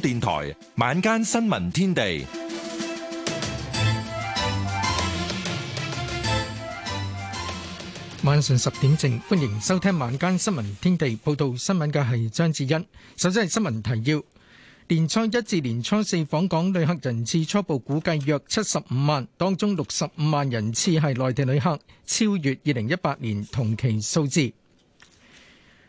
電台晚間新聞天地，晚上十點正，歡迎收聽晚間新聞天地。報道新聞嘅係張智欣。首先係新聞提要：年初一至年初四訪港旅客人次初步估計約七十五萬，當中六十五萬人次係內地旅客，超越二零一八年同期數字。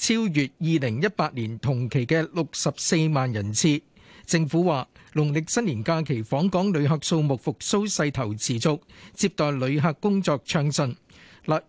超越二零一八年同期嘅六十四萬人次。政府話，農曆新年假期訪港旅客數目復甦勢頭持續，接待旅客工作暢順。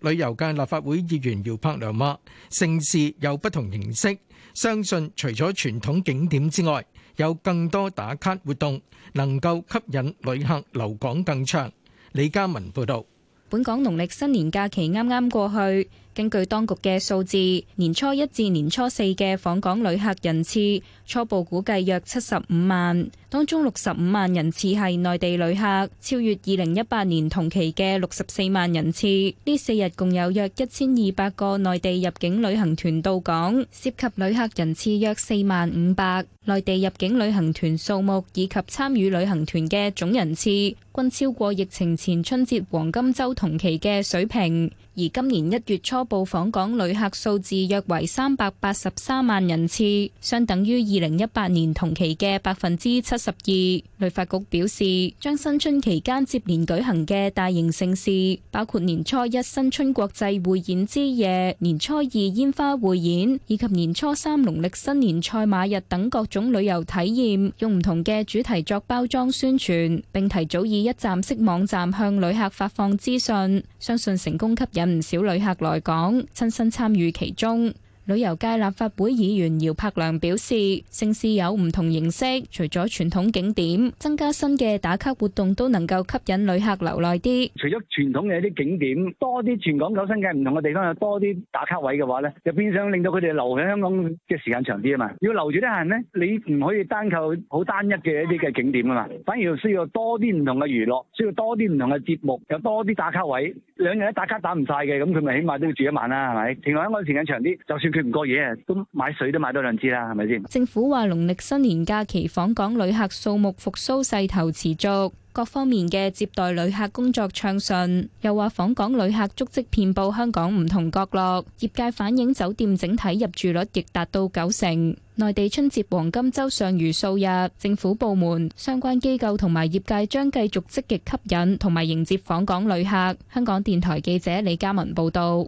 旅遊界立法會議員姚柏良話，盛事有不同形式，相信除咗傳統景點之外，有更多打卡活動能夠吸引旅客留港更長。李嘉文報導。本港農曆新年假期啱啱過去。根據當局嘅數字，年初一至年初四嘅訪港旅客人次初步估計約七十五萬，當中六十五萬人次係內地旅客，超越二零一八年同期嘅六十四萬人次。呢四日共有約一千二百個內地入境旅行團到港，涉及旅客人次約四萬五百。內地入境旅行團數目以及參與旅行團嘅總人次均超過疫情前春節黃金週同期嘅水平，而今年一月初，初步訪港旅客數字約為三百八十三萬人次，相等於二零一八年同期嘅百分之七十二。旅發局表示，將新春期間接連舉行嘅大型盛事，包括年初一新春國際匯演之夜、年初二煙花匯演以及年初三農曆新年賽馬日等各種旅遊體驗，用唔同嘅主題作包裝宣傳，並提早以一站式網站向旅客發放資訊，相信成功吸引唔少旅客來港。講親身參與其中旅遊界立法會議員姚柏良表示，盛事有唔同形式，除咗傳統景點，增加新嘅打卡活動都能夠吸引旅客留耐啲。除咗傳統嘅一啲景點，多啲全港九新界唔同嘅地方有多啲打卡位嘅話咧，就變相令到佢哋留喺香港嘅時間長啲啊嘛。要留住啲客人呢，你唔可以單靠好單一嘅一啲嘅景點噶嘛，反而需要多啲唔同嘅娛樂，需要多啲唔同嘅節目，有多啲打卡位，兩樣一打卡打唔晒嘅，咁佢咪起碼都要住一晚啦，係咪？停留香港嘅時間長啲，就算佢。唔過嘢，都買水都買多兩支啦，係咪先？政府話農曆新年假期訪港旅客數目復蘇勢頭持續，各方面嘅接待旅客工作暢順。又話訪港旅客足跡遍布香港唔同角落，業界反映酒店整體入住率亦達到九成。內地春節黃金周尚餘數日，政府部門、相關機構同埋業界將繼續積極吸引同埋迎接訪港旅客。香港電台記者李嘉文報道。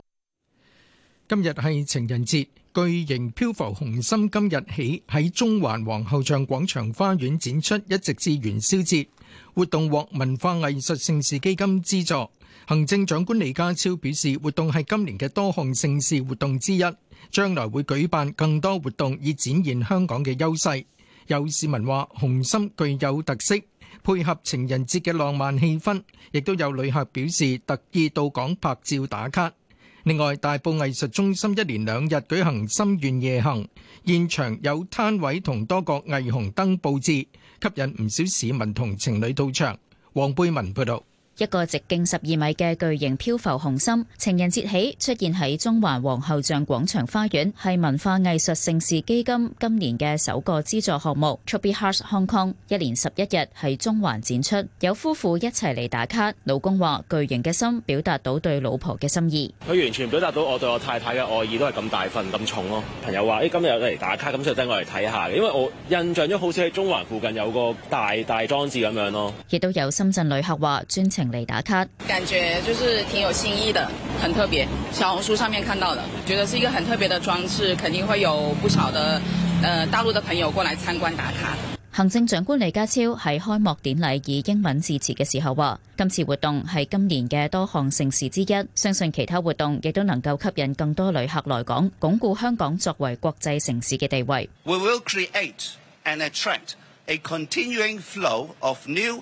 今日係情人節，巨型漂浮紅心今日起喺中環皇后像廣場花園展出，一直至元宵節。活動獲文化藝術盛事基金資助。行政長官李家超表示，活動係今年嘅多項盛事活動之一，將來會舉辦更多活動以展現香港嘅優勢。有市民話紅心具有特色，配合情人節嘅浪漫氣氛，亦都有旅客表示特意到港拍照打卡。另外，大埔藝術中心一連兩日舉行心願夜行，現場有攤位同多個霓虹燈佈置，吸引唔少市民同情侶到場。黃貝文報道。一個直徑十二米嘅巨型漂浮紅心，情人節起出現喺中環皇后像廣場花園，係文化藝術盛事基金今年嘅首個資助項目。Chubby Hearts Hong Kong，一連十一日喺中環展出。有夫婦一齊嚟打卡，老公話，巨型嘅心表達到對老婆嘅心意。佢完全表達到我對我太太嘅愛意都係咁大份，咁重咯。朋友話：誒，今日有嚟打卡，咁就等我嚟睇下。因為我印象咗好似喺中環附近有個大大裝置咁樣咯。亦都有深圳旅客話專程嚟打卡，感覺就是挺有新意的，很特別。小紅書上面看到的，覺得是一個很特別的裝置，肯定會有不少的，誒、呃，大陸的朋友過來參觀打卡。行政長官李家超喺開幕典禮以英文致辭嘅時候話：今次活動係今年嘅多項盛事之一，相信其他活動亦都能夠吸引更多旅客來港，鞏固香港作為國際城市嘅地位。We will create and attract a continuing flow of new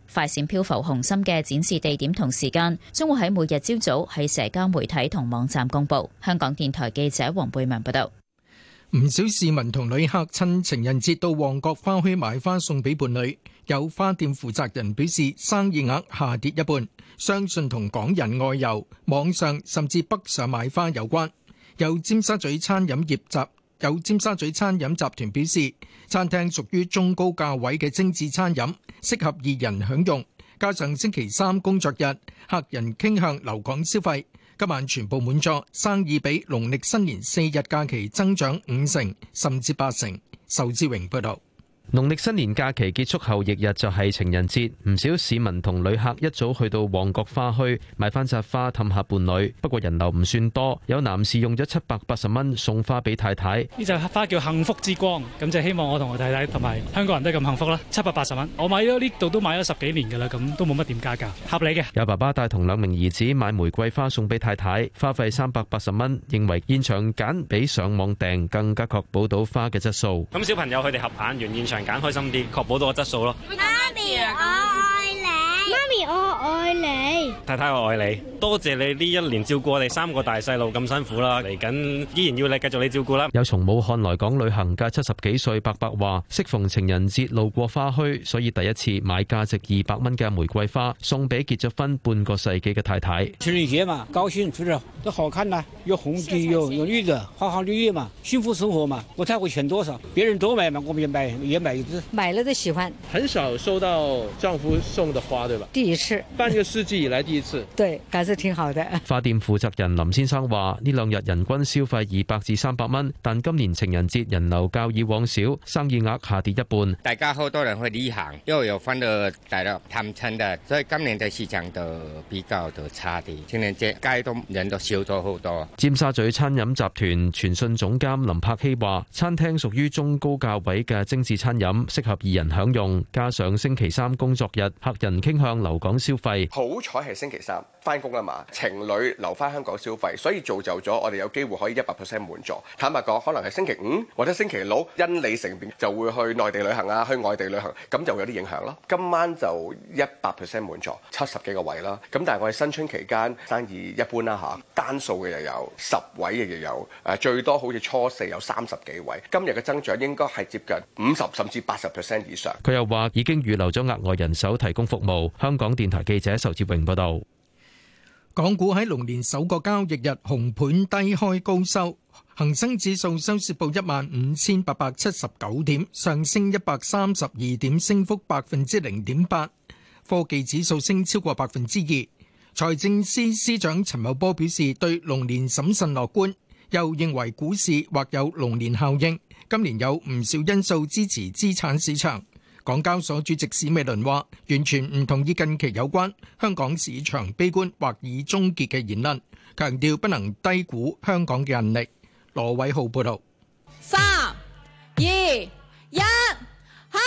快閃漂浮紅心嘅展示地點同時間將會喺每日朝早喺社交媒體同網站公布。香港電台記者黃貝文報道，唔少市民同旅客趁情人節到旺角花墟買花送俾伴侶。有花店負責人表示，生意額下跌一半，相信同港人外遊、網上甚至北上買花有關。有尖沙咀餐飲業集。有尖沙咀餐飲集團表示，餐廳屬於中高價位嘅精緻餐飲，適合二人享用。加上星期三工作日，客人傾向留港消費，今晚全部滿座，生意比農曆新年四日假期增長五成甚至八成。仇志榮報導。農曆新年假期結束後翌日就係情人節，唔少市民同旅客一早去到旺角花墟買翻紮花氹下伴侶。不過人流唔算多，有男士用咗七百八十蚊送花俾太太。呢隻花叫幸福之光，咁就希望我同我太太同埋香港人都咁幸福啦。七百八十蚊，我買咗呢度都買咗十幾年噶啦，咁都冇乜點加價，合理嘅。有爸爸帶同兩名兒子買玫瑰花送俾太太，花費三百八十蚊，認為現場揀比上網訂更加確保到花嘅質素。咁小朋友佢哋合拍完現場，揀開心啲，確保到個質素咯。我媽咪我愛你，太太我愛你，多謝你呢一年照顧我哋三個大細路咁辛苦啦，嚟緊依然要你繼續你照顧啦。有從武漢來港旅行嘅七十幾歲伯伯話，適逢情人節路過花墟，所以第一次買價值二百蚊嘅玫瑰花送俾結咗婚半個世紀嘅太太。情人節嘛，高興，出嚟都好看啦，有紅嘅，有有綠嘅，花花綠綠嘛，幸福生活嘛。我睇會選多少，別人多買嘛，我也買，也買一支，買了都喜歡。很少收到丈夫送的花，對吧？第一次，半個世紀以來第一次， 對，還是挺好的。花店負責人林先生話，呢兩日人均消費二百至三百蚊，但今年情人節人流較以往少，生意額下跌一半。大家好多人去旅行，因為又有翻到大陸探親的，所以今年嘅市場就比較就差啲。情人節街都人都少咗好多。尖沙咀餐飲集團傳訊總監林柏希話，餐廳屬於中高價位嘅精致餐飲，適合二人享用，加上星期三工作日，客人傾向。留港消費，好彩係星期三翻工啊嘛，情侶留翻香港消費，所以造就咗我哋有機會可以一百 percent 滿座。坦白講，可能係星期五或者星期六，因你成便就會去內地旅行啊，去外地旅行，咁就會有啲影響咯。今晚就一百 percent 滿座，七十幾個位啦。咁但係我哋新春期間生意一般啦嚇，單數嘅又有十位嘅，又有誒最多好似初四有三十幾位。今日嘅增長應該係接近五十甚至八十 percent 以上。佢又話已經預留咗額外人手提供服務。香港電台記者仇志榮報道，港股喺龍年首個交易日紅盤低開高收，恒生指數收市報一萬五千八百七十九點，上升一百三十二點，升幅百分之零點八。科技指數升超過百分之二。財政司司長陳茂波表示，對龍年審慎樂觀，又認為股市或有龍年效應，今年有唔少因素支持資產市場。港交所主席史美倫話，完全唔同意近期有關香港市場悲觀或已終結嘅言論，強調不能低估香港嘅韌力。羅偉浩報道。三二一，哈。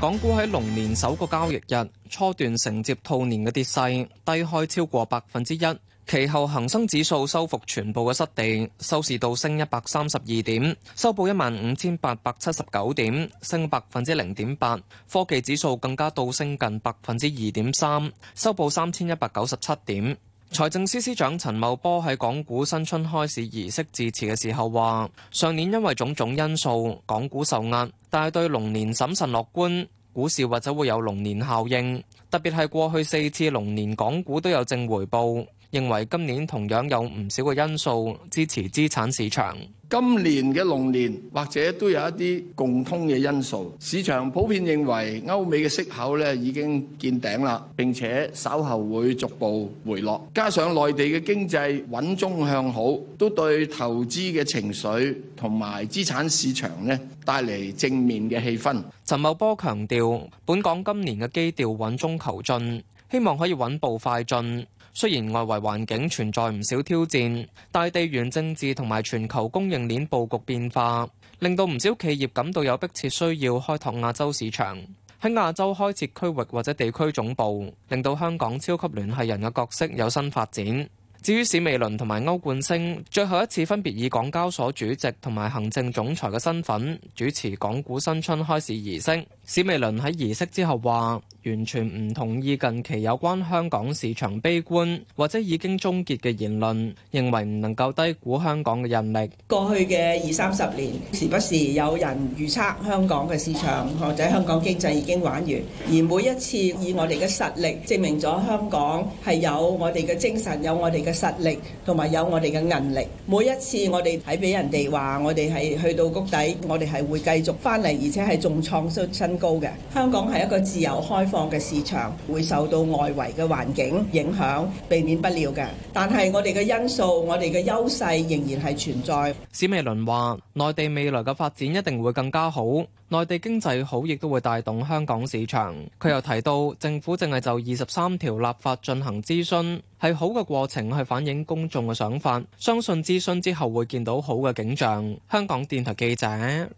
港股喺龍年首個交易日初段承接兔年嘅跌勢，低開超過百分之一。其後，恒生指數收復全部嘅失地，收市到升一百三十二點，收報一萬五千八百七十九點，升百分之零點八。科技指數更加倒升近百分之二點三，收報三千一百九十七點。財政司司長陳茂波喺港股新春開市儀式致辭嘅時候話：上年因為種種因素，港股受壓，但係對龍年審慎樂觀，股市或者會有龍年效應，特別係過去四次龍年，港股都有正回報。認為今年同樣有唔少嘅因素支持資產市場。今年嘅龍年或者都有一啲共通嘅因素。市場普遍認為歐美嘅息口咧已經見頂啦，並且稍後會逐步回落。加上內地嘅經濟穩中向好，都對投資嘅情緒同埋資產市場咧帶嚟正面嘅氣氛。陳茂波強調，本港今年嘅基調穩中求進，希望可以穩步快進。雖然外圍環境存在唔少挑戰，但地緣政治同埋全球供應鏈佈局變化，令到唔少企業感到有迫切需要開拓亞洲市場。喺亞洲開設區域或者地區總部，令到香港超級聯繫人嘅角色有新發展。至於史美倫同埋歐冠昇，最後一次分別以港交所主席同埋行政總裁嘅身份主持港股新春開市儀式。史美倫喺儀式之後話：完全唔同意近期有關香港市場悲觀或者已經終結嘅言論，認為唔能夠低估香港嘅韌力。過去嘅二三十年，時不時有人預測香港嘅市場或者香港經濟已經玩完，而每一次以我哋嘅實力證明咗香港係有我哋嘅精神、有我哋嘅實力同埋有，有我哋嘅韌力。每一次我哋睇俾人哋話我哋係去到谷底，我哋係會繼續翻嚟，而且係重創出新。高嘅香港係一個自由開放嘅市場，會受到外圍嘅環境影響，避免不了嘅。但係我哋嘅因素，我哋嘅優勢仍然係存在。史美倫話：內地未來嘅發展一定會更加好，內地經濟好，亦都會帶動香港市場。佢又提到，政府淨係就二十三條立法進行諮詢，係好嘅過程，去反映公眾嘅想法。相信諮詢之後會見到好嘅景象。香港電台記者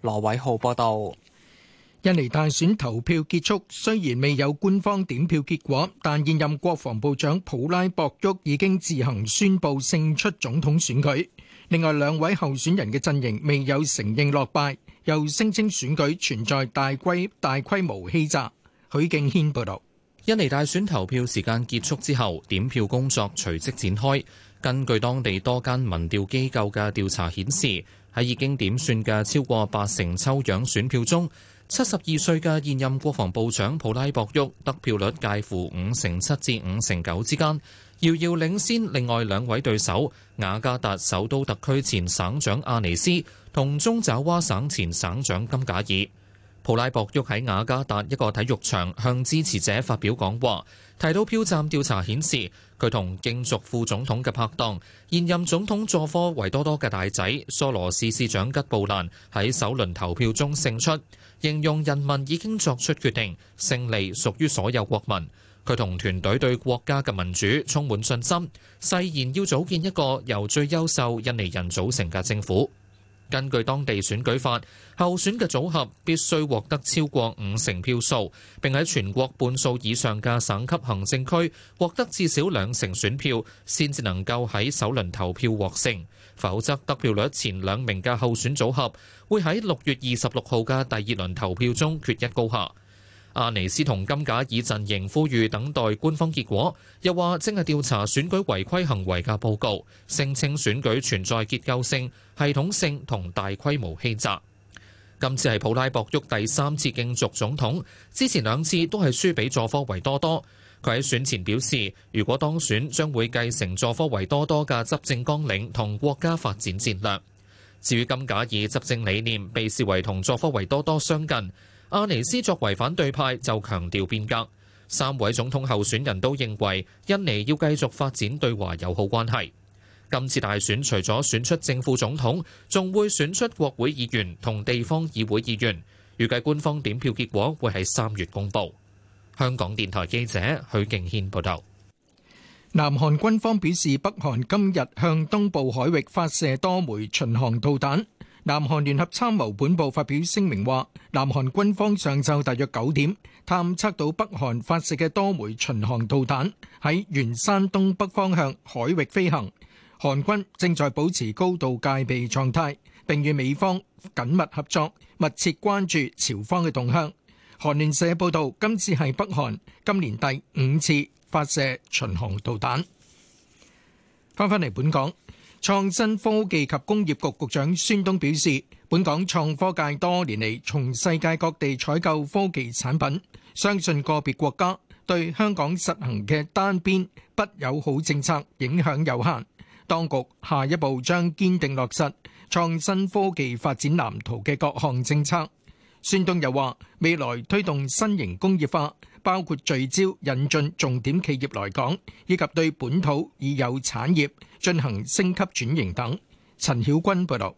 羅偉浩報道。印尼大選投票結束，雖然未有官方點票結果，但現任國防部長普拉博沃已經自行宣布勝出總統選舉。另外兩位候選人嘅陣營未有承認落敗，又聲稱選舉存在大規大規模欺詐。許敬軒報道，印尼大選投票時間結束之後，點票工作隨即展開。根據當地多間民調機構嘅調查顯示，喺已經點算嘅超過八成抽樣選票中，七十二歲嘅現任國防部長普拉博沃得票率介乎五成七至五成九之間，遙遙領先另外兩位對手雅加達首都特區前省長阿尼斯同中爪哇省前省長金賈爾。普拉博沃喺雅加達一個體育場向支持者發表講話，提到票站調查顯示佢同競逐副總統嘅拍檔現任總統佐科維多多嘅大仔蘇羅市市長吉布蘭喺首輪投票中勝出。形容人民已經作出決定，勝利屬於所有國民。佢同團隊對國家嘅民主充滿信心，誓言要組建一個由最優秀印尼人組成嘅政府。根據當地選舉法，候選嘅組合必須獲得超過五成票數，並喺全國半數以上嘅省級行政區獲得至少兩成選票，先至能夠喺首輪投票獲勝。否則得票率前兩名嘅候選組合會喺六月二十六號嘅第二輪投票中決一高下。阿尼斯同金架以陣營呼籲等待官方結果，又話正係調查選舉違規行為嘅報告，聲稱選舉存在結構性、系統性同大規模欺詐。今次係普拉博沃第三次競逐總統，之前兩次都係輸畀佐科維多多。佢喺選前表示，如果當選，將會繼承佐科維多多嘅執政綱領同國家發展戰略。至於金賈爾執政理念，被視為同佐科維多多相近。阿尼斯作為反對派，就強調變革。三位總統候選人都認為，印尼要繼續發展對華友好關係。今次大選除咗選出正副總統，仲會選出國會議員同地方議會議員。預計官方點票結果會喺三月公佈。香港電台記者許敬軒報道，南韓軍方表示，北韓今日向東部海域發射多枚巡航導彈。南韓聯合參謀本部發表聲明話，南韓軍方上晝大約九點探測到北韓發射嘅多枚巡航導彈喺元山東北方向海域飛行。韓軍正在保持高度戒備狀態，並與美方緊密合作，密切關注朝方嘅動向。韓聯社報道，今次係北韓今年第五次發射巡航導彈。翻返嚟本港，創新科技及工業局局長孫東表示，本港創科界多年嚟從世界各地採購科技產品，相信個別國家對香港實行嘅單邊不友好政策影響有限。當局下一步將堅定落實創新科技發展藍圖嘅各項政策。孫東又話：未來推動新型工業化，包括聚焦引進重點企業來港，以及對本土已有產業進行升級轉型等。陳曉君報導。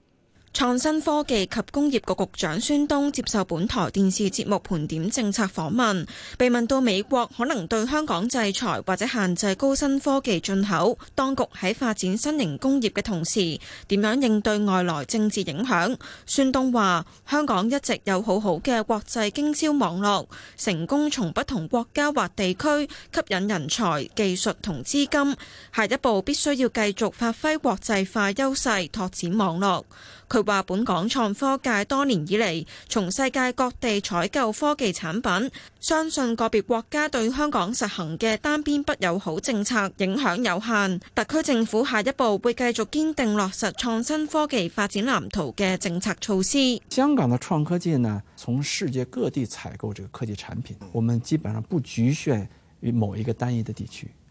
創新科技及工業局局長孫東接受本台電視節目《盤點政策》訪問，被問到美國可能對香港制裁或者限制高新科技進口，當局喺發展新型工業嘅同時，點樣應對外來政治影響？孫東話：香港一直有好好嘅國際經銷網絡，成功從不同國家或地區吸引人才、技術同資金。下一步必須要繼續發揮國際化優勢，拓展網絡。佢話：本港創科界多年以嚟，從世界各地採購科技產品，相信個別國家對香港實行嘅單邊不友好政策影響有限。特區政府下一步會繼續堅定落實創新科技發展藍圖嘅政策措施。香港嘅創科技呢，從世界各地採購這個科技產品，我們基本上不局限於某一個單一的地區。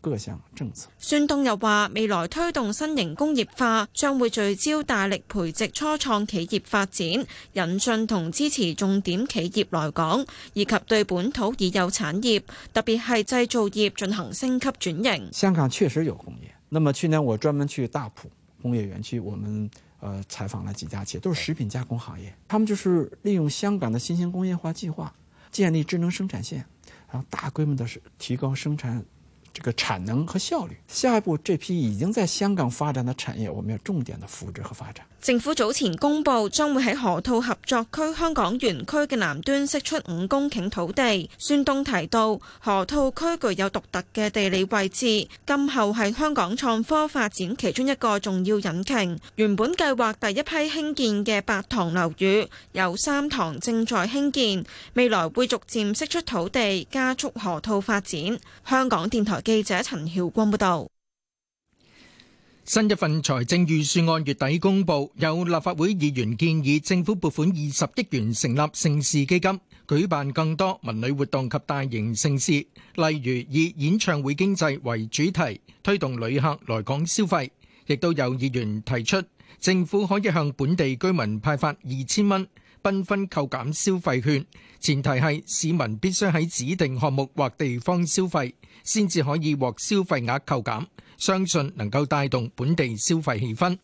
各項政策，孫東又話，未來推動新型工業化，將會聚焦大力培植初創企業發展，引進同支持重點企業來港，以及對本土已有產業，特別係製造業進行升級轉型。香港確實有工業，那麼去年我專門去大埔工業園區，我們呃採訪了幾家企業，都是食品加工行業，他們就是利用香港的新型工業化計劃，建立智能生產線，然後大規模的提高生產。這個產能和效率，下一步這批已經在香港發展的產業，我們要重點的扶持和發展。政府早前公布，將會喺河套合作區香港園區嘅南端釋出五公頃土地。孫東提到，河套區具有獨特嘅地理位置，今後係香港創科發展其中一個重要引擎。原本計劃第一批興建嘅八塘樓宇，由三塘正在興建，未來會逐漸釋出土地，加速河套發展。香港電台記者陳曉光報道。新一份財政預算案月底公布，有立法會議員建議政府撥款二十億元成立盛事基金舉辦更多文旅活動及大型盛事，例如以演唱會經濟為主題推動旅客來港消費，亦都有議員提出政府可以向本地居民派發二千蚊繽紛扣減消費券，前提係市民必須喺指定項目或地方消費先至可以獲消費額扣減，相信能夠帶動本地消費氣氛。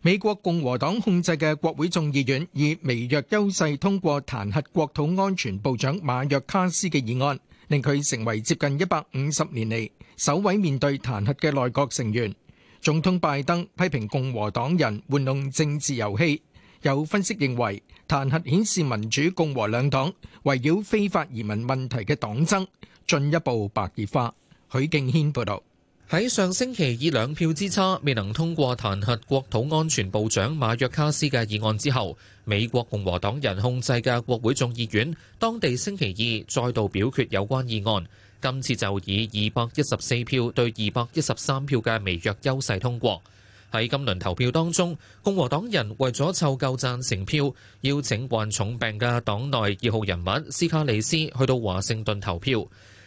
美國共和黨控制嘅國會眾議院以微弱優勢通過彈劾國土安全部長馬約卡斯嘅議案，令佢成為接近一百五十年嚟首位面對彈劾嘅內閣成員。總統拜登批評共和黨人玩弄政治遊戲，有分析認為，彈劾顯示民主共和兩黨圍繞非法移民問題嘅黨爭進一步白熱化。許敬軒報道：喺上星期以兩票之差未能通過彈劾國土安全部長馬約卡斯嘅議案之後，美國共和黨人控制嘅國會眾議院，當地星期二再度表決有關議案，今次就以二百一十四票對二百一十三票嘅微弱優勢通過。喺今輪投票當中，共和黨人為咗湊夠贊成票，邀請患重病嘅黨內二號人物斯卡里斯去到華盛頓投票。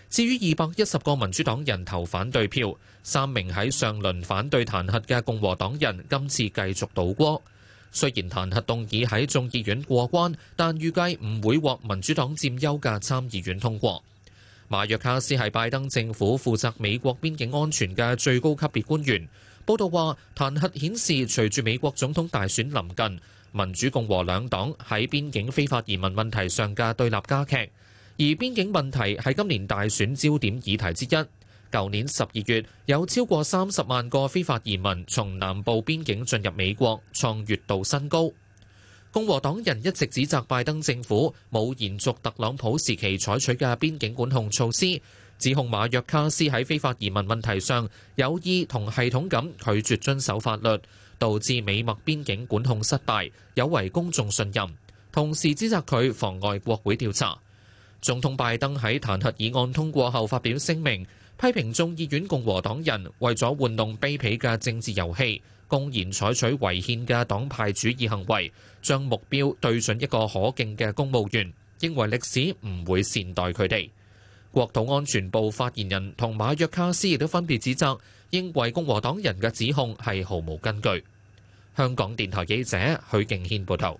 至於二百一十個民主黨人投反對票，三名喺上輪反對彈劾嘅共和黨人今次繼續倒戈。雖然彈劾動議喺眾議院過關，但預計唔會獲民主黨佔優嘅參議院通過。馬約卡斯係拜登政府負責美國邊境安全嘅最高級別官員。報道話，彈劾顯示隨住美國總統大選臨近，民主共和兩黨喺邊境非法移民問題上嘅對立加劇。而邊境問題係今年大選焦點議題之一。舊年十二月，有超過三十萬個非法移民從南部邊境進入美國，創月度新高。共和黨人一直指責拜登政府冇延續特朗普時期採取嘅邊境管控措施，指控馬約卡斯喺非法移民問題上有意同系統咁拒絕遵守法律，導致美墨邊境管控失敗，有違公眾信任。同時指責佢妨礙國會調查。總統拜登喺彈劾議案通過後發表聲明，批評眾議院共和黨人為咗玩弄卑鄙嘅政治遊戲，公然採取違憲嘅黨派主義行為，將目標對準一個可敬嘅公務員，認為歷史唔會善待佢哋。國土安全部發言人同馬約卡斯亦都分別指責認為共和黨人嘅指控係毫無根據。香港電台記者許敬軒報道。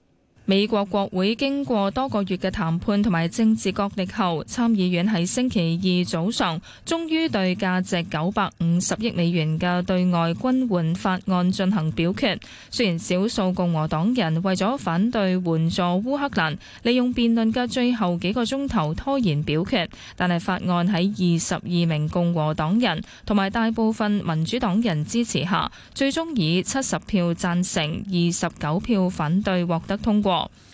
美國國會經過多個月嘅談判同埋政治角力後，參議院喺星期二早上終於對價值九百五十億美元嘅對外軍援法案進行表決。雖然少數共和黨人為咗反對援助烏克蘭，利用辯論嘅最後幾個鐘頭拖延表決，但係法案喺二十二名共和黨人同埋大部分民主黨人支持下，最終以七十票贊成、二十九票反對獲得通過。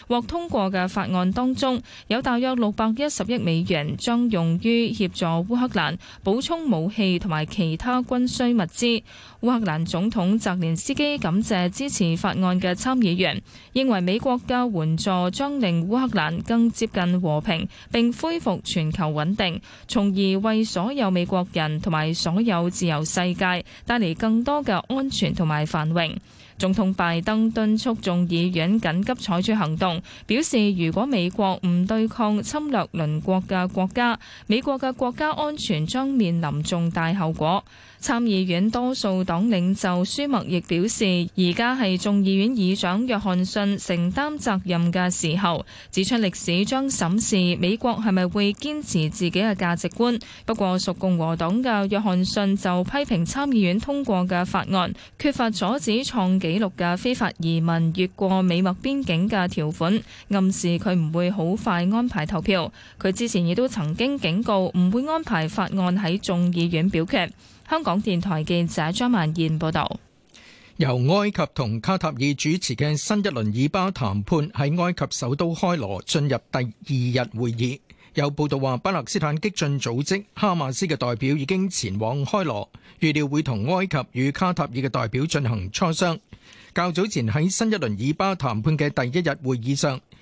獲通過嘅法案當中，有大約六百一十億美元將用於協助烏克蘭補充武器同埋其他軍需物資。烏克蘭總統澤連斯基感謝支持法案嘅參議員，認為美國嘅援助將令烏克蘭更接近和平，並恢復全球穩定，從而為所有美國人同埋所有自由世界帶嚟更多嘅安全同埋繁榮。總統拜登敦促眾議院緊急採取行動，表示如果美國唔對抗侵略鄰國嘅國家，美國嘅國家安全將面臨重大後果。參議院多數黨領袖舒默亦表示，而家係眾議院議長約翰遜承擔責任嘅時候，指出歷史將審視美國係咪會堅持自己嘅價值觀。不過，屬共和黨嘅約翰遜就批評參議院通過嘅法案缺乏阻止創紀錄嘅非法移民越過美墨邊境嘅條款，暗示佢唔會好快安排投票。佢之前亦都曾經警告唔會安排法案喺眾議院表決。香港電台記者張曼燕報道，由埃及同卡塔爾主持嘅新一輪以巴談判喺埃及首都開羅進入第二日會議。有報道話，巴勒斯坦激進組織哈馬斯嘅代表已經前往開羅，預料會同埃及與卡塔爾嘅代表進行磋商。較早前喺新一輪以巴談判嘅第一日會議上，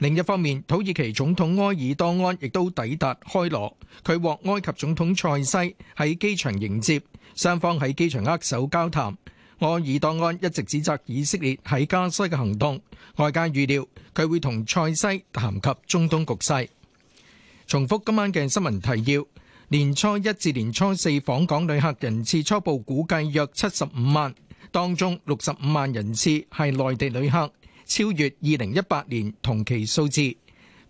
另一方面，土耳其總統埃爾多安亦都抵達開羅，佢獲埃及總統塞西喺機場迎接，雙方喺機場握手交談，埃爾多安一直指責以色列喺加西嘅行動，外界預料佢會同塞西談及中東局勢。重複今晚嘅新聞提要：年初一至年初四訪港旅客人次初步估計約七十五萬，當中六十五萬人次係內地旅客。超越二零一八年同期數字。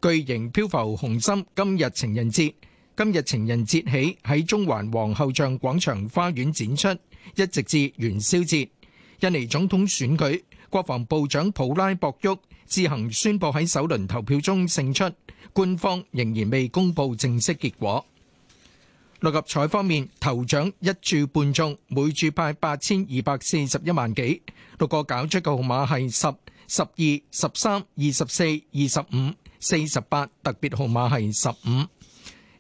巨型漂浮紅心今日情人節，今日情人節起喺中環皇后像廣場花園展出，一直至元宵節。印尼總統選舉，國防部長普拉博沃自行宣布喺首輪投票中勝出，官方仍然未公布正式結果。六合彩方面，頭獎一注半中，每注派八千二百四十一萬幾。六個攪出嘅號碼係十。十二、十三、二十四、二十五、四十八，特別號碼係十五。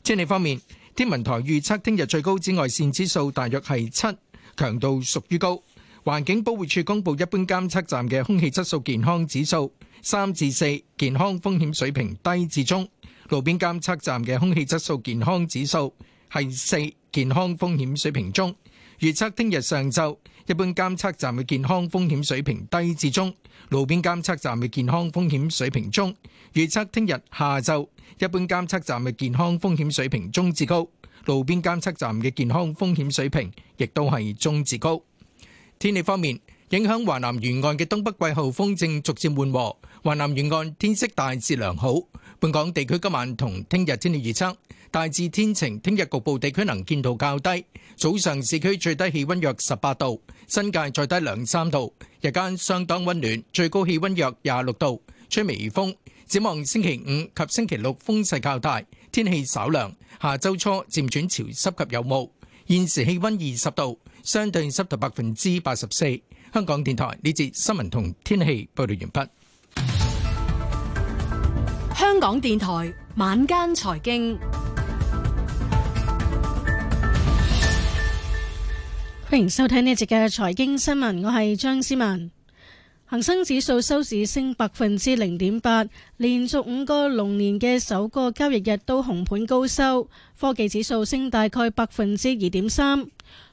天氣方面，天文台預測聽日最高紫外線指數大約係七，強度屬於高。環境保護署公布一般監測站嘅空氣質素健康指數三至四，健康風險水平低至中。路邊監測站嘅空氣質素健康指數係四，健康風險水平中。預測聽日上晝，一般監測站嘅健康風險水平低至中；路邊監測站嘅健康風險水平中。預測聽日下晝，一般監測站嘅健康風險水平中至高；路邊監測站嘅健康風險水平亦都係中至高。天氣方面，影響華南沿岸嘅東北季候風正逐漸緩和。華南沿岸天色大致良好。本港地區今晚同聽日天氣預測大致天晴，聽日局部地區能見度較低。早上市區最低氣温約十八度，新界再低兩三度。日間相當温暖，最高氣温約廿六度，吹微風。展望星期五及星期六風勢較大，天氣稍涼。下周初漸轉潮濕及有霧。現時氣温二十度，相對濕度百分之八十四。香港電台呢節新聞同天氣報道完畢。香港電台晚間財經，歡迎收聽呢節嘅財經新聞，我係張思文。恒生指數收市升百分之零點八，連續五個龍年嘅首個交易日都紅盤高收，科技指數升大概百分之二點三。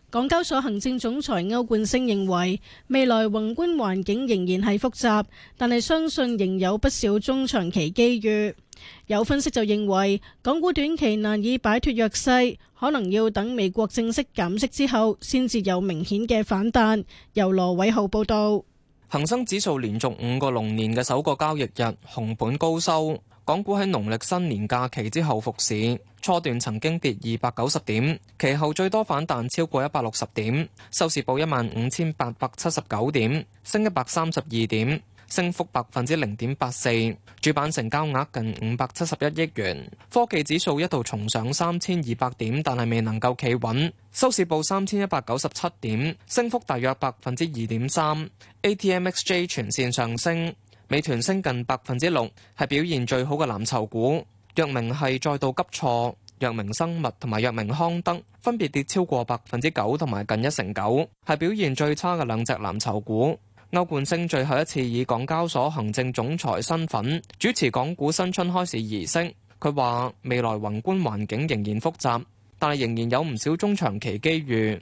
港交所行政總裁歐冠昇認為，未來宏觀環境仍然係複雜，但係相信仍有不少中長期機遇。有分析就認為，港股短期難以擺脫弱勢，可能要等美國正式減息之後，先至有明顯嘅反彈。由羅偉浩報道。恒生指數連續五個龍年嘅首個交易日，紅盤高收。港股喺農曆新年假期之後復市，初段曾經跌二百九十點，其後最多反彈超過一百六十點，收市報一萬五千八百七十九點，升一百三十二點，升幅百分之零點八四。主板成交額近五百七十一億元。科技指數一度重上三千二百點，但係未能夠企穩，收市報三千一百九十七點，升幅大約百分之二點三。ATMXJ 全線上升，美團升近百分之六，係表現最好嘅藍籌股。藥明系再度急挫，藥明生物同埋藥明康德分別跌超過百分之九同埋近一成九，係表現最差嘅兩隻藍籌股。歐冠昇最後一次以港交所行政總裁身份主持港股新春開市儀式，佢話未來宏觀環境仍然複雜，但係仍然有唔少中長期機遇。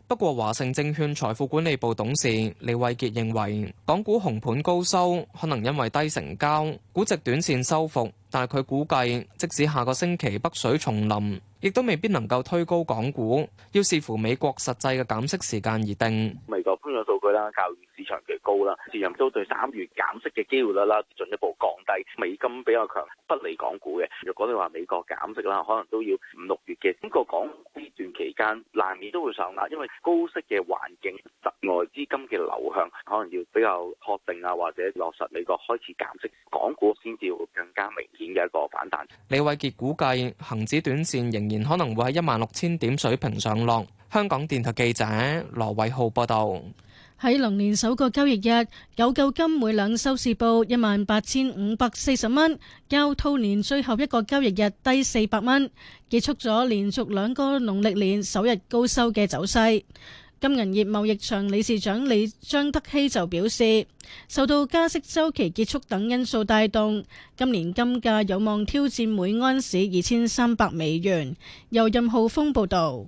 不過，華盛證券財富管理部董事李慧杰認為，港股紅盤高收可能因為低成交，估值短線收復，但係佢估計，即使下個星期北水重臨。亦都未必能夠推高港股，要視乎美國實際嘅減息時間而定。美國搬咗數據啦，較市場嘅高啦，市場都對三月減息嘅機會率啦進一步降低，美金比較強不利港股嘅。如果你話美國減息啦，可能都要五六月嘅。呢個港股呢段期間難免都會上壓，因為高息嘅環境、外資金嘅流向可能要比較確定啊，或者落實美國開始減息，港股先至會更加明顯嘅一個反彈。李偉杰估計恆指短線仍。可能會喺一萬六千點水平上落。香港電台記者羅偉浩報道，喺龍年首個交易日，有舊金每兩收市報一萬八千五百四十蚊，較兔年最後一個交易日低四百蚊，結束咗連續兩個農曆年首日高收嘅走勢。金銀業貿易場理事長李張德熙就表示，受到加息周期結束等因素帶動，今年金價有望挑戰每安士二千三百美元。由任浩峰報道。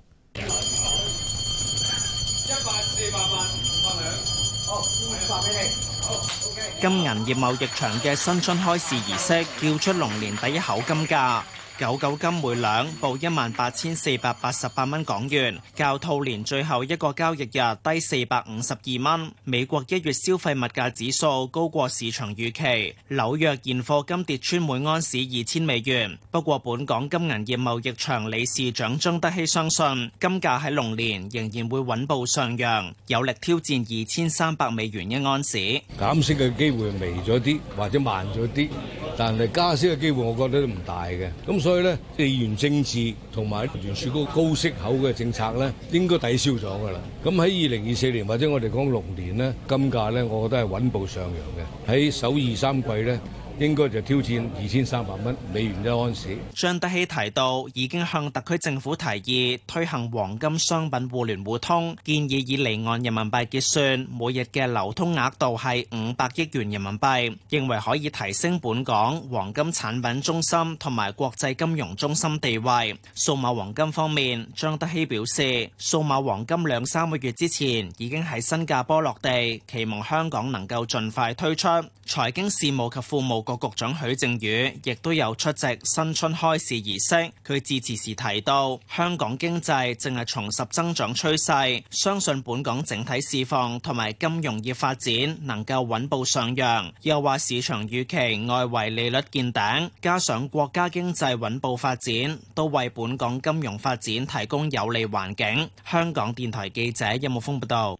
金銀業貿易場嘅新春開市儀式，叫出龍年第一口金價。九九金每兩報一萬八千四百八十八蚊港元，較兔年最後一個交易日低四百五十二蚊。美國一月消費物價指數高過市場預期，紐約現貨金跌穿每安士二千美元。不過，本港金銀業貿易場理事長張德熙相信，金價喺龍年仍然會穩步上揚，有力挑戰二千三百美元一安士。減息嘅機會微咗啲，或者慢咗啲，但係加息嘅機會我覺得都唔大嘅。咁所以。所以咧，地緣政治同埋原先嗰個高息口嘅政策咧，應該抵消咗噶啦。咁喺二零二四年或者我哋講龍年咧，金價咧，我覺得係穩步上揚嘅。喺首二三季咧。應該就挑戰二千三百蚊美元一盎司。張德熙提到，已經向特區政府提議推行黃金商品互聯互通，建議以離岸人民幣結算，每日嘅流通額度係五百億元人民幣，認為可以提升本港黃金產品中心同埋國際金融中心地位。數碼黃金方面，張德熙表示，數碼黃金兩三個月之前已經喺新加坡落地，期望香港能夠盡快推出。財經事務及庫務局局長許正宇亦都有出席新春開市儀式，佢致辭時提到，香港經濟正係重拾增長趨勢，相信本港整體市況同埋金融業發展能夠穩步上揚。又話市場預期外圍利率見頂，加上國家經濟穩步發展，都為本港金融發展提供有利環境。香港電台記者任木峰報道。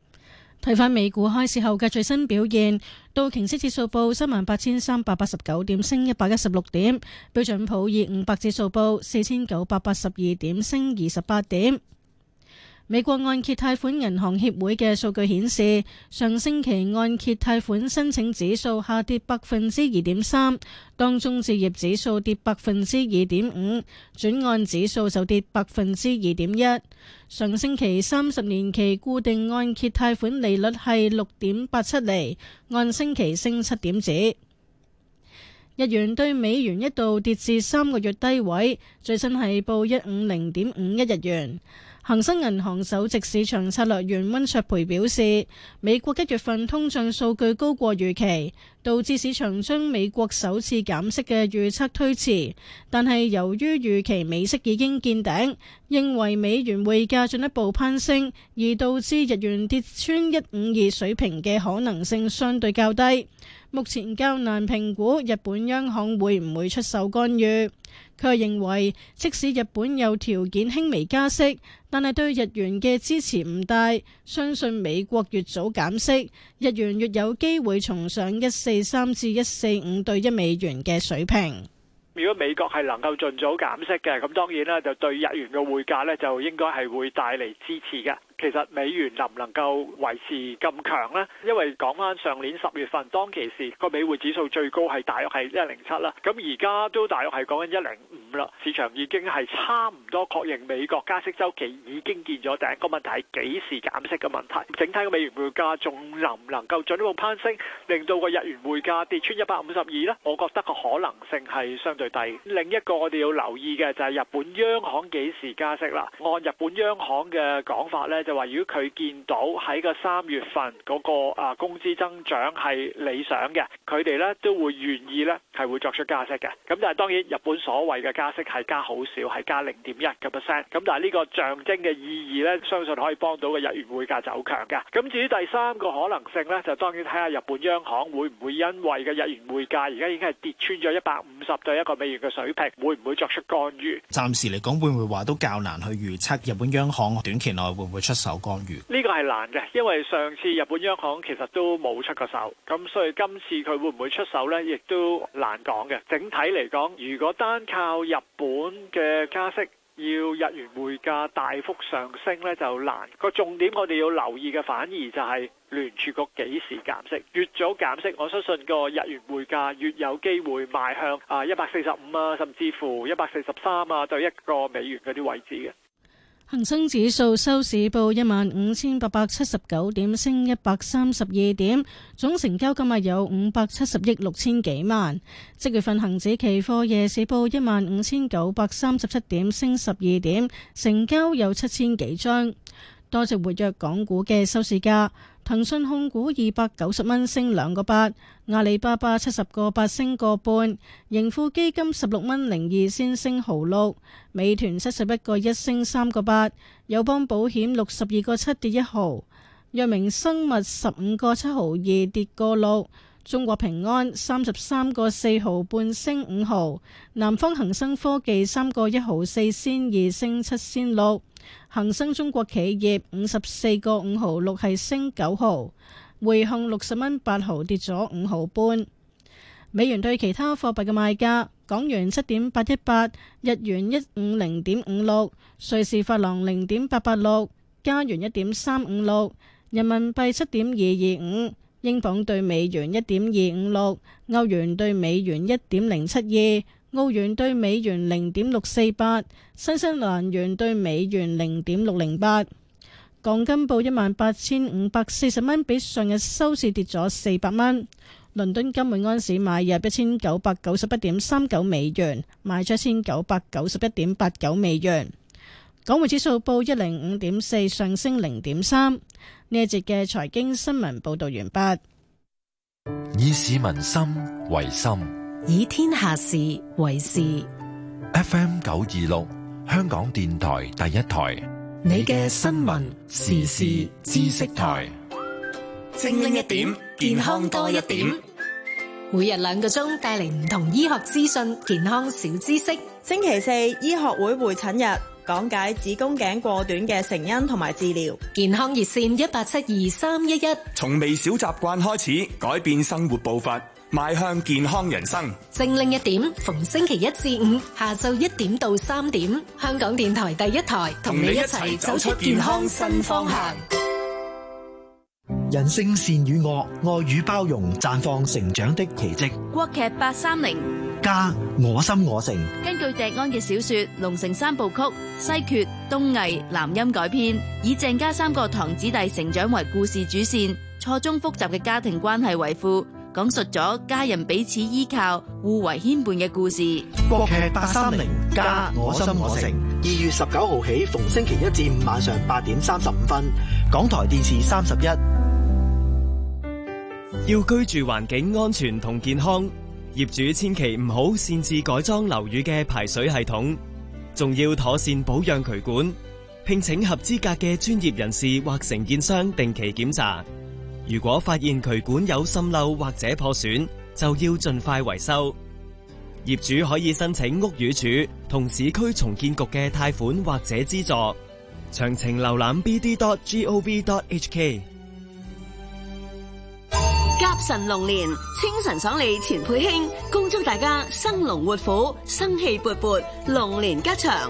睇翻美股開市後嘅最新表現。道瓊斯指數報三萬八千三百八十九點，表點升一百一十六點。標準普爾五百指數報四千九百八十二點，升二十八點。美國按揭貸款銀行協會嘅數據顯示，上星期按揭貸款申請指數下跌百分之二點三，當中置業指數跌百分之二點五，轉按指數就跌百分之二點一。上星期三十年期固定按揭貸款利率係六點八七厘，按星期升七點子。日元對美元一度跌至三個月低位，最新係報一五零點五一日元。恒生銀行首席市場策略員溫卓培表示，美國一月份通脹數據高過預期，導致市場將美國首次減息嘅預測推遲。但係由於預期美息已經見頂，認為美元匯價進一步攀升，而導致日元跌穿一五二水平嘅可能性相對較低。目前較難評估日本央行會唔會出手干預。佢認為，即使日本有條件輕微加息，但係對日元嘅支持唔大，相信美國越早減息，日元越有機會重上一四三至一四五對一美元嘅水平。如果美國係能夠盡早減息嘅，咁當然啦，就對日元嘅匯價呢，就應該係會帶嚟支持嘅。其實美元能唔能夠維持咁強呢？因為講翻上年十月份，當其時個美匯指數最高係大約係一零七啦，咁而家都大約係講緊一零市場已經係差唔多確認美國加息周期已經見咗。第一個問題係幾時減息嘅問題。整體嘅美元匯價仲能唔能夠進一步攀升，令到個日元匯價跌穿一百五十二呢？我覺得個可能性係相對低。另一個我哋要留意嘅就係日本央行幾時加息啦。按日本央行嘅講法呢，就話如果佢見到喺個三月份嗰個啊工資增長係理想嘅，佢哋呢都會願意呢係會作出加息嘅。咁但係當然日本所謂嘅加息係加好少，係加零點一嘅 percent。咁但係呢個象徵嘅意義呢，相信可以幫到個日元匯價走強嘅。咁至於第三個可能性呢，就當然睇下日本央行會唔會因為嘅日元匯價而家已經係跌穿咗一百五十對一個美元嘅水平，會唔會作出干預？暫時嚟講，會唔會話都較難去預測日本央行短期內會唔會出手干預？呢個係難嘅，因為上次日本央行其實都冇出過手，咁所以今次佢會唔會出手呢，亦都難講嘅。整體嚟講，如果單靠日本嘅加息要日元匯價大幅上升咧，就難個重點。我哋要留意嘅反而就係聯儲局幾時減息，越早減息，我相信個日元匯價越有機會邁向啊一百四十五啊，甚至乎一百四十三啊，對一個美元嗰啲位置嘅。恒生指數收市報一萬五千八百七十九點，升一百三十二點，總成交金額有五百七十億六千幾萬。即月份恒指期貨夜市報一萬五千九百三十七點，升十二點，成交有七千幾張。多隻活躍港股嘅收市價。騰訊控股二百九十蚊升兩個八，阿里巴巴七十個八升個半，盈富基金十六蚊零二先升毫六，美團七十一個一升三個八，友邦保險六十二個七跌一毫，藥明生物十五個七毫二跌個六，中國平安三十三個四毫半升五毫，南方恒生科技三個一毫四先二升七先六。恒生中國企業五十四個五毫六係升九毫，匯控六十蚊八毫跌咗五毫半。美元對其他貨幣嘅賣價：港元七點八一八，日元一五零點五六，瑞士法郎零點八八六，加元一點三五六，人民幣七點二二五，英鎊對美元一點二五六，歐元對美元一點零七二。澳元兌美元零點六四八，新西蘭元兌美元零點六零八，港金報一萬八千五百四十蚊，比上日收市跌咗四百蚊。倫敦金每安士買入一千九百九十一點三九美元，賣出一千九百九十一點八九美元。港匯指數報一零五點四，上升零點三。呢一節嘅財經新聞報道完畢。以市民心為心。以天下事為事。FM 九二六，香港電台第一台，你嘅新聞時事知識台，精靈一點，健康多一點。每日兩個鐘帶嚟唔同醫學資訊、健康小知識。星期四醫學會會診日，講解子宮頸過短嘅成因同埋治療。健康熱線一八七二三一一，從微小習慣開始，改變生活步伐。邁向健康人生，精靈一點，逢星期一至五下晝一點到三點，香港電台第一台同你一齊走出健康新方向。人性善與惡，愛與包容，綻放成長的奇蹟。國劇八三零，家我心我性。根據笛安嘅小說《龍城三部曲》，西決、東藝、南音改編，以鄭家三個堂子弟成長為故事主線，錯綜複雜嘅家庭關係為輔。講述咗家人彼此依靠、互為牽絆嘅故事。國劇八三零加我心我城，二月十九號起，逢星期一至五晚上八點三十五分，港台電視三十一。要居住環境安全同健康，業主千祈唔好擅自改裝樓宇嘅排水系統，仲要妥善保養渠管，聘請合資格嘅專業人士或承建商定期檢查。如果發現渠管有滲漏或者破損，就要盡快維修。業主可以申請屋宇署同市區重建局嘅貸款或者資助。詳情瀏覽 bd.gov.hk。甲辰龍年，精神爽利，錢佩興，恭祝大家生龍活虎，生氣勃勃，龍年吉祥。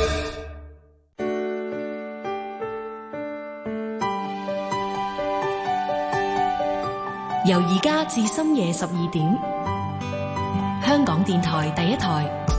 由而家至深夜十二點，香港電台第一台。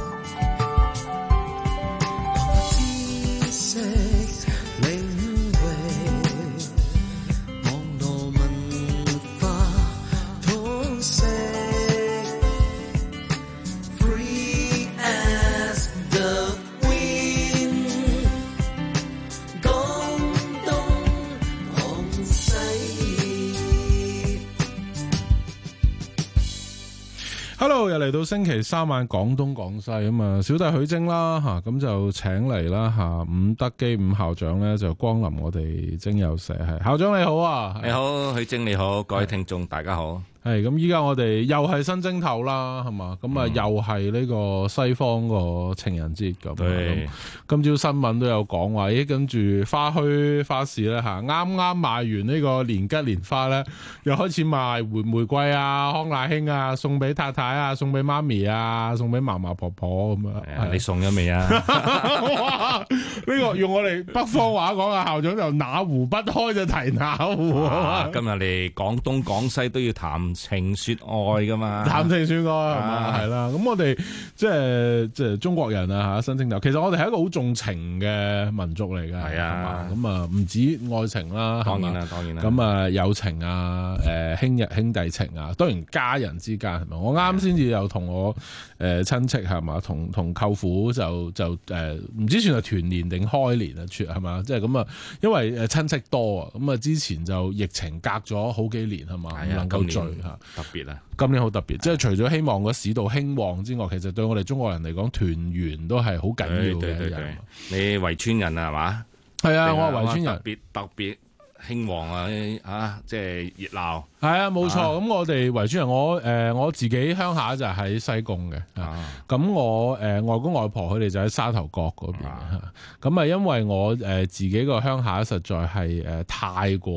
到星期三晚廣東廣西咁啊，小弟許晶啦吓，咁就請嚟啦吓，伍德基伍校長咧就光臨我哋精友社係，校長你好啊，你好許晶你好，各位聽眾的大家好。係咁，依家我哋又係新蒸頭啦，係嘛？咁啊，又係呢個西方個情人節咁。咁、嗯、今朝新聞都有講話，咦、哎？跟住花墟花市咧啱啱賣完呢個年桔年花咧，又開始賣紅玫瑰啊、康乃馨啊，送俾太太啊，送俾媽咪啊，送俾嫲嫲婆婆咁樣你送咗未啊？呢 這個用我哋北方話講啊，校長就哪壺不開就提哪壺、啊。今日嚟廣東廣西都要談情說愛噶嘛，談情說愛係嘛，係啦嗎。咁吧我哋即係即係中國人啊吓，身經其實我哋係一個好重情嘅民族嚟嘅，係啊。咁啊，唔止愛情啦、啊，當然啦，吧啊、當然啦。咁啊，友情啊，誒、啊，兄兄弟情啊，當然家人之間係嘛。我啱先至又同我誒親戚係嘛，同同舅父就就誒，唔、呃、知算係團年定開年啊，算係嘛。即係咁啊，因為誒親戚多啊，咁啊之前就疫情隔咗好幾年係嘛，唔、啊、能夠聚。特別啊！今年好特別，即係的除咗希望個市道興旺之外，其實對我哋中國人嚟講，團圓都係好緊要嘅。你圍村人啊，係嘛的？係啊是，我係圍村人。特別特別興旺啊！啊，即係熱鬧。係啊，冇錯。咁我哋圍村人，我誒我自己鄉下就喺西貢嘅。啊，咁我誒外公外婆佢哋就喺沙頭角嗰邊。啊，咁啊，因為我誒自己個鄉下實在係誒太過。